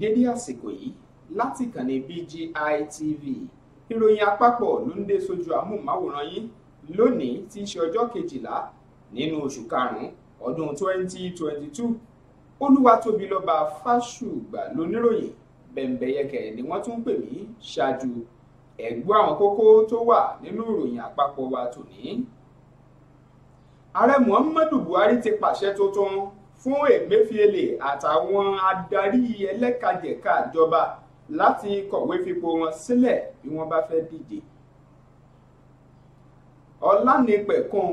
dédé àsìkò yìí láti kànnì BGI TV ìròyìn àpapọ̀ ló ń dé sójú amóhùnmáwòrán yín lónìí tí í ṣe ọjọ́ kejìlá nínú oṣù karùn-ún ọdún 2022 olúwatóbi lọ́ba fásùgbà lóníròyìn bẹ̀m̀bẹ̀yẹkẹ̀ ni wọ́n tún ń pè mí ṣáájú ẹ̀gbọ́n àwọn kókó tó wà nínú ìròyìn àpapọ̀ wa tòní. ààrẹ muhammadu buhari ti pàṣẹ tuntun fún Emefiele àtàwọn adarí ẹlẹ́kajẹ̀ka ìjọba láti kọ̀wé fipò wọn sílẹ̀ bí wọ́n bá fẹ́ díje. Ọlánipẹ̀kun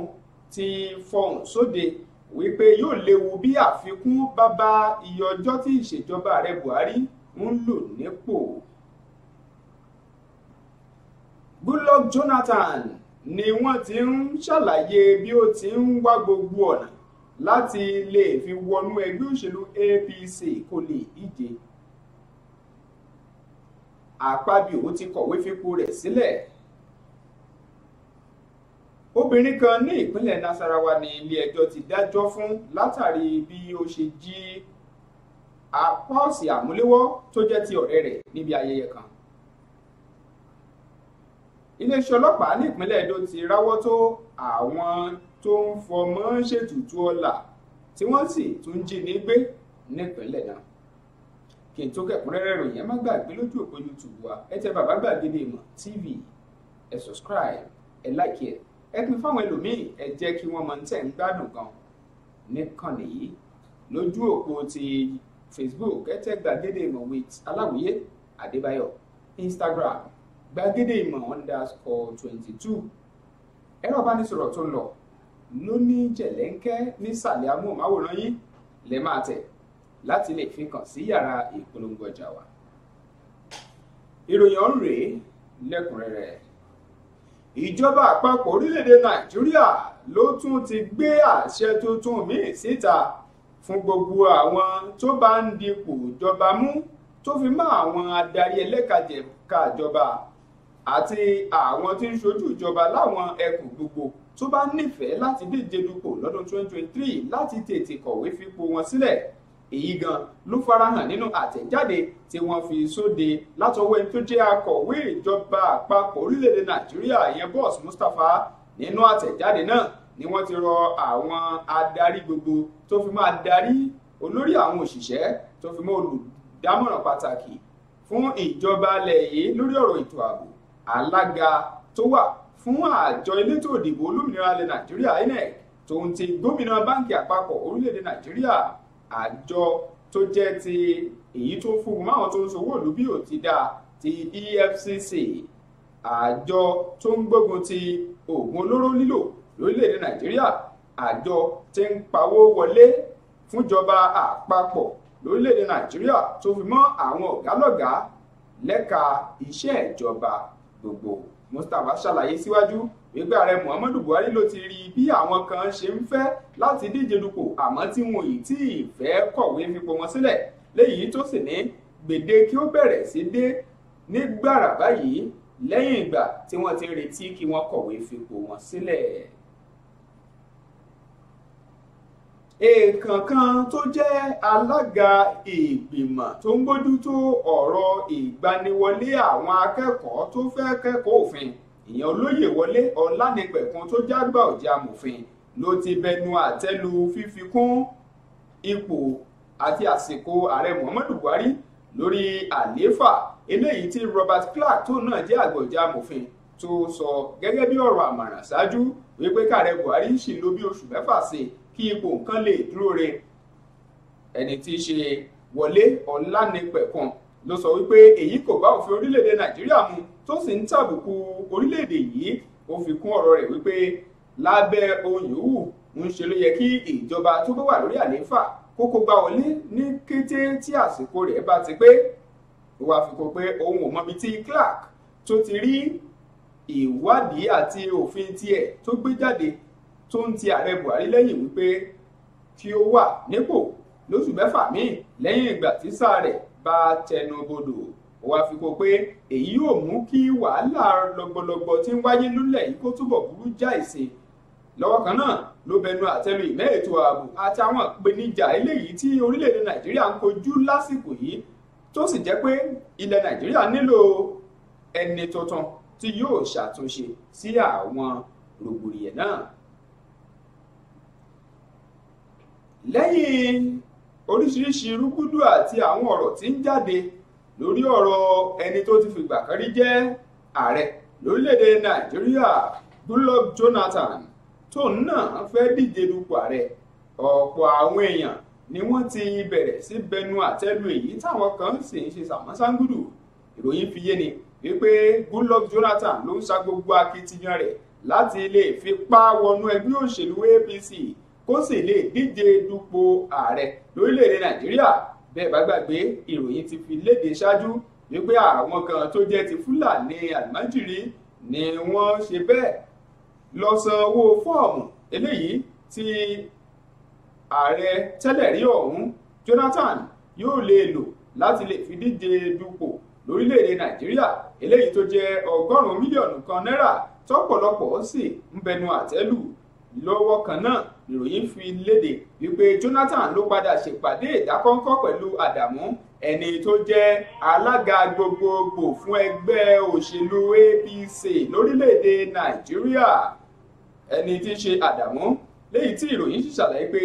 ti fọhùn sóde wípé yóò léwu bí àfikún bá bá iye ọjọ́ tí ìṣèjọba ààrẹ Buhari ń lò nípò. Goodluck Jonathan ni wọ́n ti ń ṣàlàyé bí ó ti ń wá gbogbo ọ̀nà láti lè fi wọnú ẹgbẹ́ òṣèlú APC kó lè díje Akpabio ti kọ̀wé fipò rẹ̀ sílẹ̀ obìnrin kan ní ìpínlẹ̀ Nasarawa ní ilé-ẹjọ́ ti dájọ́ fún látàrí bí ó ṣe jí apọ́ọ̀sì àmúléwọ́ tó jẹ́ ti ọ̀rẹ́ rẹ̀ níbi ayẹyẹ kan iléeṣẹ́ ọlọ́pàá ní ìpínlẹ̀ Edo ti ráwọ́ tó àwọn tó ń fọmọ ṣètùtù ọlà tí wọ́n sì tún jí ní gbé nípínlẹ̀ náà kí n tó kẹ́kúnrẹ́rẹ́ ròyìn ẹ má gbàgbé lójú òpó YouTube wa ẹ tẹ bàbá gbàgede ìmọ̀ TV ẹ subscribe ẹ like ẹ ẹ pín fáwọn ẹlòmíì ẹ jẹ́ kí wọ́n máa ń tẹ̀ ń gbádùn gan nìkànnì yìí lójú òpó ti Facebook ẹ tẹ gbàgede ìmọ̀ with Aláwìyé Adébáyọ̀ Instagram gbàgede ìmọ̀ underscore twenty two ẹ̀rọ ìbánisọ̀rọ̀ tó ń lọ ló ní jẹ̀lẹ́ńkẹ́ nísàlẹ̀ amóhùnmáwòrán yín lẹ́ máa tẹ̀ láti lè fi kàn sí yàrá ìpolongo ọjà wa ìròyìn ọ̀hún rèé lẹ́kùnrẹ́rẹ́ ìjọba àpapọ̀ orílẹ̀-èdè nàìjíríà ló tún ti gbé àṣẹ tuntun míì síta fún gbogbo àwọn tó bá ń dipò ìjọba mú tó fi mọ́ àwọn adarí ẹlẹ́kajẹ̀ka ìjọba àti àwọn tí ń ṣojú ìjọba láwọn ẹkùn gbogbo tó bá nífẹ̀ẹ́ láti díje dupò lọ́dún 2023 láti tètè kọ̀wé fipò wọn sílẹ̀ èyí gan ló farahàn nínú àtẹ̀jáde tí wọ́n fi sóde látọwọ́ ẹni tó jẹ́ akọ̀wé ìjọba àpapọ̀ orílẹ̀-èdè nàìjíríà ìyẹn bọ́ọ̀sì mustapha nínú àtẹ̀jáde náà ni wọ́n ti rọ àwọn adarí gbogbo tó fi máa darí olórí àwọn òṣìṣẹ́ tó fi mọ́ olùdámọ̀ràn pàtàkì fún ìjọba alẹ̀ yìí lórí ọ̀rọ̀ ètò ààbò alága tó wà fún àjọ elétò ìdìbò olómìnira ilẹ̀ nàìjíríà inec tòun ti gómìnà báǹkì àpapọ̀ orílẹ̀-èdè nàìjíríà àjọ tó jẹ́ ti èyí tó ń fún máwọn tó ń sowó ìlú bí ò ti dáa ti efcc àjọ tó ń gbógun ti oògùn olóró lílò lórílẹ̀-èdè nàìjíríà àjọ tí ń pawó wọlé fúnjọba àpapọ̀ lórílẹ̀-èdè nàìjíríà tó fi mọ́ àwọn ọ̀gá lọ́gàá lẹ́ka iṣẹ́ ìjọba gbogbo mustapha ṣàlàyé síwájú wípé ààrẹ muhammadu buhari ló ti rí bí àwọn kan ṣe ń fẹ́ láti díje dupò àmọ́ tí wọn ì tí ì fẹ́ kọ̀wé fipò wọn sílẹ̀ léyìí tó sì ní gbèdéke ó bẹ̀rẹ̀ sí dé nígbàrà báyìí lẹ́yìn ìgbà tí wọ́n ti retí kí wọ́n kọ̀wé fipò wọn sílẹ̀. èèkàn kan tó jẹ́ alága ìgbìmọ̀ tó ń bójútó ọ̀rọ̀ ìgbaniwọlé àwọn akẹ́kọ̀ọ́ tó fẹ́ kẹ́kọ̀ọ́ òfin ìyẹn olóyè wọlé ọlánìpẹ̀kun tó jágbà ọ̀jẹ̀ amòfin ló ti bẹnu àtẹ́lu fífi kún ipò àti àsìkò ààrẹ muhammadu buhari lórí àlééfà eléyìí tí robert clark tó náà jẹ́ àgbọ̀jẹ̀ amòfin tó sọ gẹ́gẹ́ bí ọ̀rọ̀ àmàràn ṣáájú wípé káàrẹ buhari ṣì lò bí oṣù mẹ́fà sí i kí ipò nǹkan lè dúró re ẹni tí í ṣe wọlé ọ̀lànípẹ̀kun ló sọ wípé èyí kò bá òfin orílẹ̀-èdè nàìjíríà mu tó sì ń tàbùkù orílẹ̀-èdè yìí ó fi kún ọ̀rọ̀ rẹ̀ wípé lábẹ́ ohun yòówù ń ṣe ló yẹ kí ìjọba tó bá wà lórí àlééfà kókó gbá wọlé ní kété tí àsìkò rẹ̀ bá ti pé ó wáá fi kún pé òun ò mọbi tí Clark tó ti rí ìwádìí àti òfin tiẹ̀ tó gbé jáde tó ń ti ààrẹ buhari lẹ́yìn wípé kí ó wà nípò lóṣù mẹ́fà míì lẹ́yìn ìgbà tí sáà rẹ̀ bá tẹnu bodò ó wáá fi kó pé èyí yóò mú kí wàhálà lọgbọlọgbọ tí ń wáyé lólẹ̀ yìí kó túbọ̀ burú jáì sí i lọ́wọ́ kan náà ló bẹnu àtẹ́lu ìmẹ́ ètò ààbò àti àwọn ìpèníjà eléyìí tí orílẹ̀-èdè nàìjíríà ń kojú lásìkò yìí tó sì jẹ́ pé ilẹ̀ nàìjíríà nílò ẹni tuntun tí yóò ṣàtúnṣe sí àwọn rògbòdìyàn náà lẹ́yìn oríṣiríṣi rúgúdù àti àwọn ọ̀rọ̀ tí ń jáde lórí ọ̀rọ̀ ẹni tó ti fìgbà kan rí jẹ́ ààrẹ lórílẹ̀‐èdè nàìjíríà Goodluck Jonathan tóun náà fẹ́ díje dupò ààrẹ ọ̀pọ̀ àwọn èèyàn ni wọ́n ti bẹ̀rẹ̀ sí bẹnu àtẹ́lu èyí táwọn kan sì ń ṣe sàmọ́sángùdù ìròyìn fi yé ni wípé Goodluck Jonathan ló ń sa gbogbo akitiyan rẹ̀ láti lè fipá wọnú ẹgbẹ́ òṣèlú APC kó sì lè díje dupò ààrẹ lórílẹ̀‐èdè nàìjíríà bẹ́ẹ̀ bá gbàgbé ìròyìn ti fi léde ṣáájú wípé àwọn kan tó jẹ́ ti fúlàní àlùmájìrí ni wọ́n ṣe bẹ́ẹ̀ lọ san owó fọ́ọ̀mù eléyìí tí ààrẹ tẹ́lẹ̀rí ọ̀hún Jonathan yóò lè lò láti lè fi díje dupò lórílẹ̀‐èdè nàìjíríà eléyìí tó jẹ́ ọgọ́rùn-ún mílíọ̀nù kan náírà tọ́pọ̀lọpọ̀ sì ń bẹnu àtẹ́lù lọ́wọ́ kan náà nìròyìn fi léde wípé Jonathan ló padà ṣèpàdé ìdákọ́ńkọ́ pẹ̀lú Àdàmú ẹni tó jẹ́ alága gbogbogbò fún ẹgbẹ́ òṣèlú APC lórílẹ̀‐èdè Nàìjíríà ẹni tí ń ṣe Àdàmú léyìí tí ìròyìn sì ṣàlàyé pé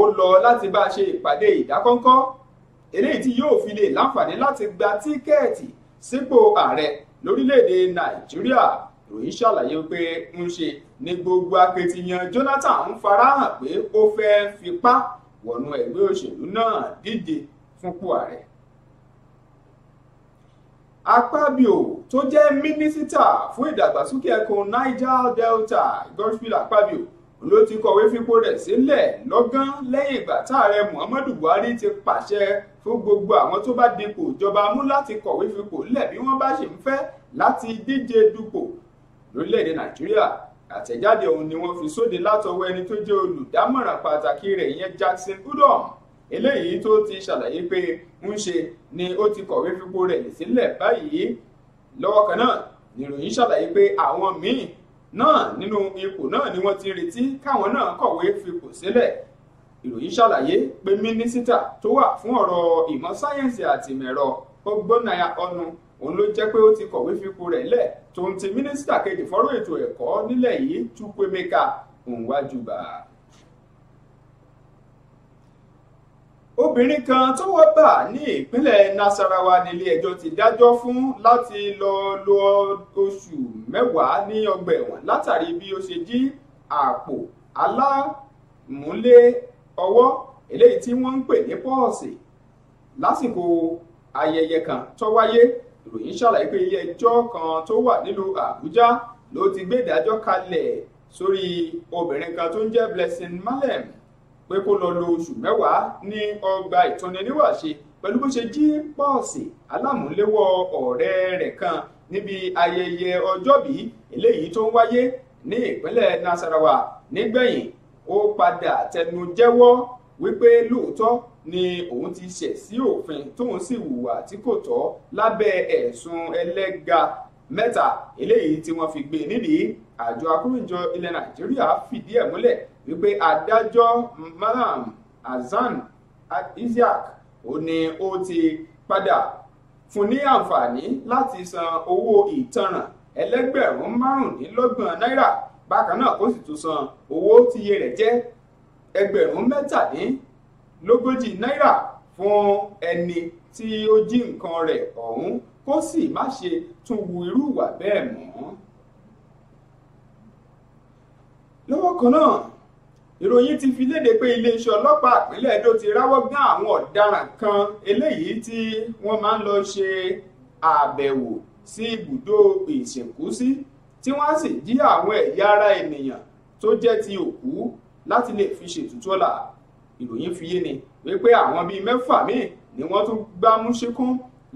ó lọ láti bá a ṣe ìpàdé ìdákọ́ńkọ́ eléyìí tí yóò fi lè láǹfààní láti gba tíkẹ́ẹ̀tì sípò ààrẹ lórílẹ̀‐èdè Nàìjíríà ròyìn ṣàlàyé pé ń ṣe ni gbogbo akitiyan Jonathan ń farahàn pé ó fẹ́ fipá wọnú ẹgbẹ́ òṣèlú náà díje fúnpò ààrẹ akpabio tó jẹ́ mínísítà fún ìdàgbàsókè ẹkùn Niger Delta Godswill akpabio ló ti kọ̀wé fipò rẹ̀ sílẹ̀ lọ́gán lẹ́yìn ìgbà táàrẹ Muhammadu Buhari ti pàṣẹ fún gbogbo àwọn tó bá dipò ìjọba mú láti kọ̀wé fipò lẹ̀ bí wọ́n bá ṣe ń fẹ́ láti díje dupò lórílẹ̀‐èdè nàìjíríà àtẹ̀jáde ọ̀hún ni wọ́n fi sóde látọwọ́ ẹni tó jẹ́ olùdámọ̀ràn pàtàkì rẹ̀ ìyẹn Jackson Udom eléyìí tó ti ṣàlàyé pé ń ṣe ni ó ti kọ̀wé fipò rẹ̀ sílẹ̀ báyìí lọ́wọ́ kan náà níròyìn ṣàlàyé pé àwọn míì náà nínú ipò náà ni wọ́n ti retí káwọn náà kọ̀wé fipò sílẹ̀ ìròyìn ṣàlàyé pé mínísítà tó wà fún ọ̀rọ̀ ìmọ̀ sáyẹ́ǹsì àtìmẹ̀rọ Ọgbọ́naya Ọ̀nù òun ló jẹ́ pé ó ti kọ̀wé fipò rẹ̀ lẹ̀ tòun ti mínísítà kejì fọ́rọ̀ ètò ẹ̀kọ́ nílẹ̀ yìí Chukwuemeka Nwajuba. obìnrin kan tọ́wọ́ bà ní ìpínlẹ̀ Nasarawa nílé ẹjọ́ ti dájọ́ fún láti lọ lo oṣù mẹ́wàá ní ọgbà ẹ̀wọ̀n látàrí bí ó ṣe jí àpò alámúlé ọwọ́ eléyìí tí wọ́n ń pè ní pọ́ọ̀sì lásìkò ayẹyẹ kan tó wáyé ìròyìn ṣàlàyé pé ilé ẹjọ́ kan tó wà nílùú àbújá ló ti gbé ìdájọ́ kalẹ̀ sórí obìnrin kan tó ń jẹ́ blessing malem pé kó lọ lo oṣù mẹ́wàá ní ọgbà ìtọ́niníwàṣe pẹ̀lú bó ṣe jí pọ́ọ̀sì alámúléwọ́ ọ̀rẹ́ rẹ̀ kan níbi ayẹyẹ ọjọ́bí eléyìí tó ń wáyé ní ìpínlẹ̀ nasarawa nígbẹ̀yìn ó padà tẹnu jẹ́wọ́ wípé lóòótọ́ ni òun ti ṣẹ̀ sí òfin tóun sì hùwà tí kò tọ́ lábẹ́ ẹ̀sùn ẹlẹ́ga mẹ́ta eléyìí tí wọ́n fi gbé e nídìí àjọ akúròyìnjọ ilẹ̀ nàìjíríà fìdí ẹ̀ múlẹ̀ wípé adájọ́ malam hasan isiaq ó ní ó ti padà fún ní àǹfààní láti san owó ìtanràn ẹlẹ́gbẹ̀rún márùndínlọ́gbọ̀n náírà bákan náà kó sì tún san owó tíye rẹ̀ jẹ́ ẹgbẹ̀rún mẹ́tàdín lógójì náírà fún ẹni tí ó jí nǹkan rẹ̀ ọ̀hún kó sì má ṣe tún wu irú ìwà bẹ́ẹ̀ mọ́. lọ́wọ́ kan náà ìròyìn ti fi léde pé iléeṣẹ́ ọlọ́pàá ìpínlẹ̀ Èdó ti ráwọ́ gán àwọn ọ̀daràn kan eléyìí tí wọ́n máa ń lọ ṣe àbẹ̀wò sí ibùdó ìsìnkúsí tí wọ́n á sì jí àwọn ẹ̀yà ara ènìyàn tó jẹ́ ti òkú láti lè fi ṣètùtù ọ̀la ìròyìn fi yé ni wípé àwọn bíi mẹ́fà míì ni wọ́n tún gbámú ṣekún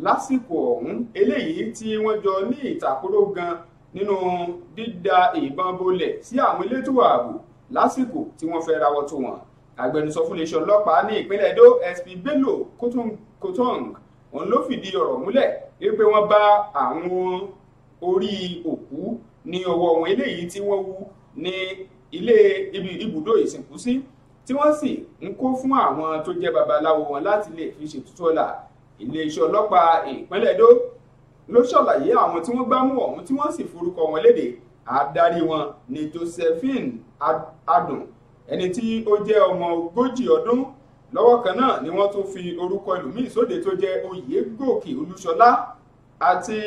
lásìkò ọ̀hún eléyìí tí wọ́n jọ ní ìtàkùrọ̀ gan nínú dídá ìbọn bolẹ̀ sí àwọn elétò ààbò lásìkò tí wọ́n fẹ́ rawọ́ tó wọn agbẹnusọ fún iléeṣẹ́ ọlọ́pàá ní ìpínlẹ̀ Edo SP Bello Kotong òun ló fìdí ọ̀rọ̀ múlẹ̀ wípé wọ́n bá àwọn orí òkú ní ọwọ́ wọn eléyìí tí wọ́n wú ní ilé ibùdó ìsìnkú sí tí wọ́n sì ń kó fún àwọn tó jẹ́ babaláwo wọn láti lè fi ṣètùtù ọ̀la iléeṣẹ́ ọlọ́pàá ìpínlẹ̀ Ẹdó ló ṣàlàyé àwọn tí wọ́n gbá mú ọ̀hún tí wọ́n sì forúkọ wọn léde adarí wọn ni Josephine Adùn ẹni tí ó jẹ́ ọmọ ogójì ọdún lọ́wọ́ kan náà ni wọ́n tún fi orúkọ ẹlòmíín sóde tó jẹ́ Oyègòkè Olúṣọlá àti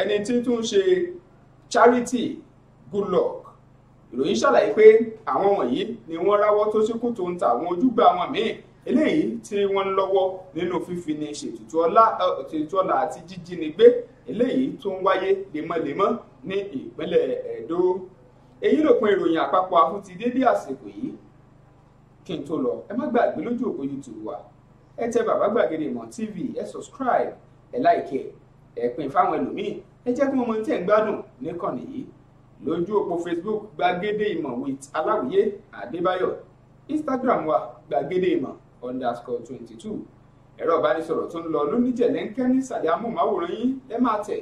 ẹni tí tún ṣe Charity Goodluck ìròyìn ṣàlàyé pé àwọn wọ̀nyí ni wọ́n ráwọ́ tó ṣekú tó ń ta àwọn ojúgbà àwọn míì eléyìí tí wọ́n ń lọ́wọ́ nínú fífi ni ṣètùtù ọlá àti jíjínigbé eléyìí tó ń wáyé lemọ́lemọ́ ní ìpínlẹ̀ Ẹdó èyí lópin ìròyìn àpapọ̀ àfún ti dédé àsìkò yìí kí n tó lọ ẹ má gbàgbé lójú òpó YouTube wa ẹ tẹ bàbá gbàgede ìmọ̀ TV ẹ subscribe ẹ láìkẹ́ ẹ pín fáwọn ẹlòmíì ẹ jẹ́ kí wọ́n mọ ní tẹ̀ ń gbádùn níkànnì yìí lójú òpó facebook gbàgede ìmọ̀ with aláwìyé adébáyọ̀ instagram wa gbàgede ìmọ̀ underscore twenty two ẹ̀rọ ìbánisọ̀rọ̀ tó ń lọ lóníjẹ̀lẹ́ńkẹ́ nísàlẹ̀ amóhùnmáwòrán yín ẹ máa tẹ̀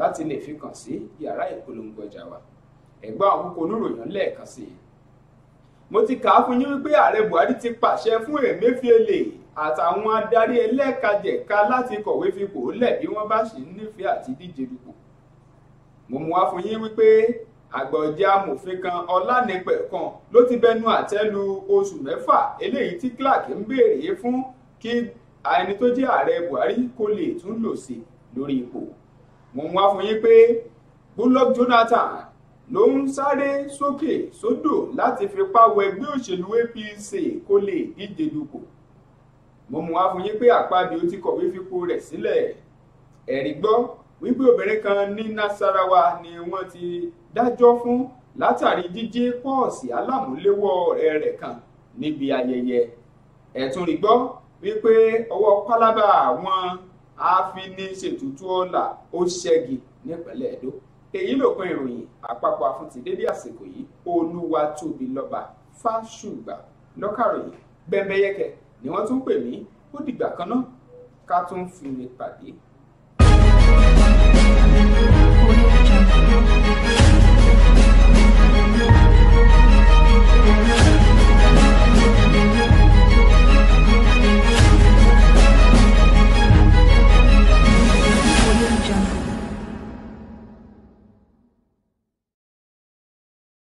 láti lè fi kàn sí yàrá ìpolongo ọjà wa ẹ̀gbọ́n àwọn kókó oníròyìn lẹ́ẹ̀kan sí i. mo ti kà á fún yín wípé ààrẹ buhari ti pàṣẹ fún emefiele àtàwọn adarí ẹlẹ́kajẹ̀ka láti kọ̀wé fipò lẹ̀ bí wọ́n bá ṣì nífẹ̀ẹ́ àti díje dupò mo mú wá fún yín wípé àgbà ọ̀jẹ̀ amòfin kan ọlánipẹ̀kan ló ti bẹnu àtẹ́ lu oṣù mẹ́fà eléyìí tí Clark ń béèrè fún kí ẹni tó jẹ́ ààrẹ Buhari kó lè tún lò sí lórí ipò mo ń wá fún yín pé Goodluck Jonathan ló ń sáré sókè sódò láti fipá wọ ẹgbẹ́ òṣèlú APC kó lè díje dupò mo mú wá fún yín pé Akpabio ti kọ̀wé fipò rẹ̀ sílẹ̀ ẹ̀rí gbọ́ wípé obìnrin kan ní Nasarawa ni wọ́n ti dájọ́ fún látàrí jíjí pọ́ọ̀sì alámúléwọ́ ọ̀rẹ́ rẹ̀ kan níbi ayẹyẹ ẹ̀tún rí gbọ́ wípé ọwọ́ pálábà àwọn afiniṣètùtù ọ̀la ó ṣẹ́gi nípínlẹ̀ Ẹdó èyí lòpin ìròyìn àpapọ̀ àfúntì dédé àsìkò yìí olúwa tóbi lọ́ba fáṣùgbà lọ́kàròyìn bẹ́ẹ̀bẹ́yẹ́kẹ́ ni wọ́n tún pè mí ó dìgbà kan náà ká tún fi lè pàdé 我张着。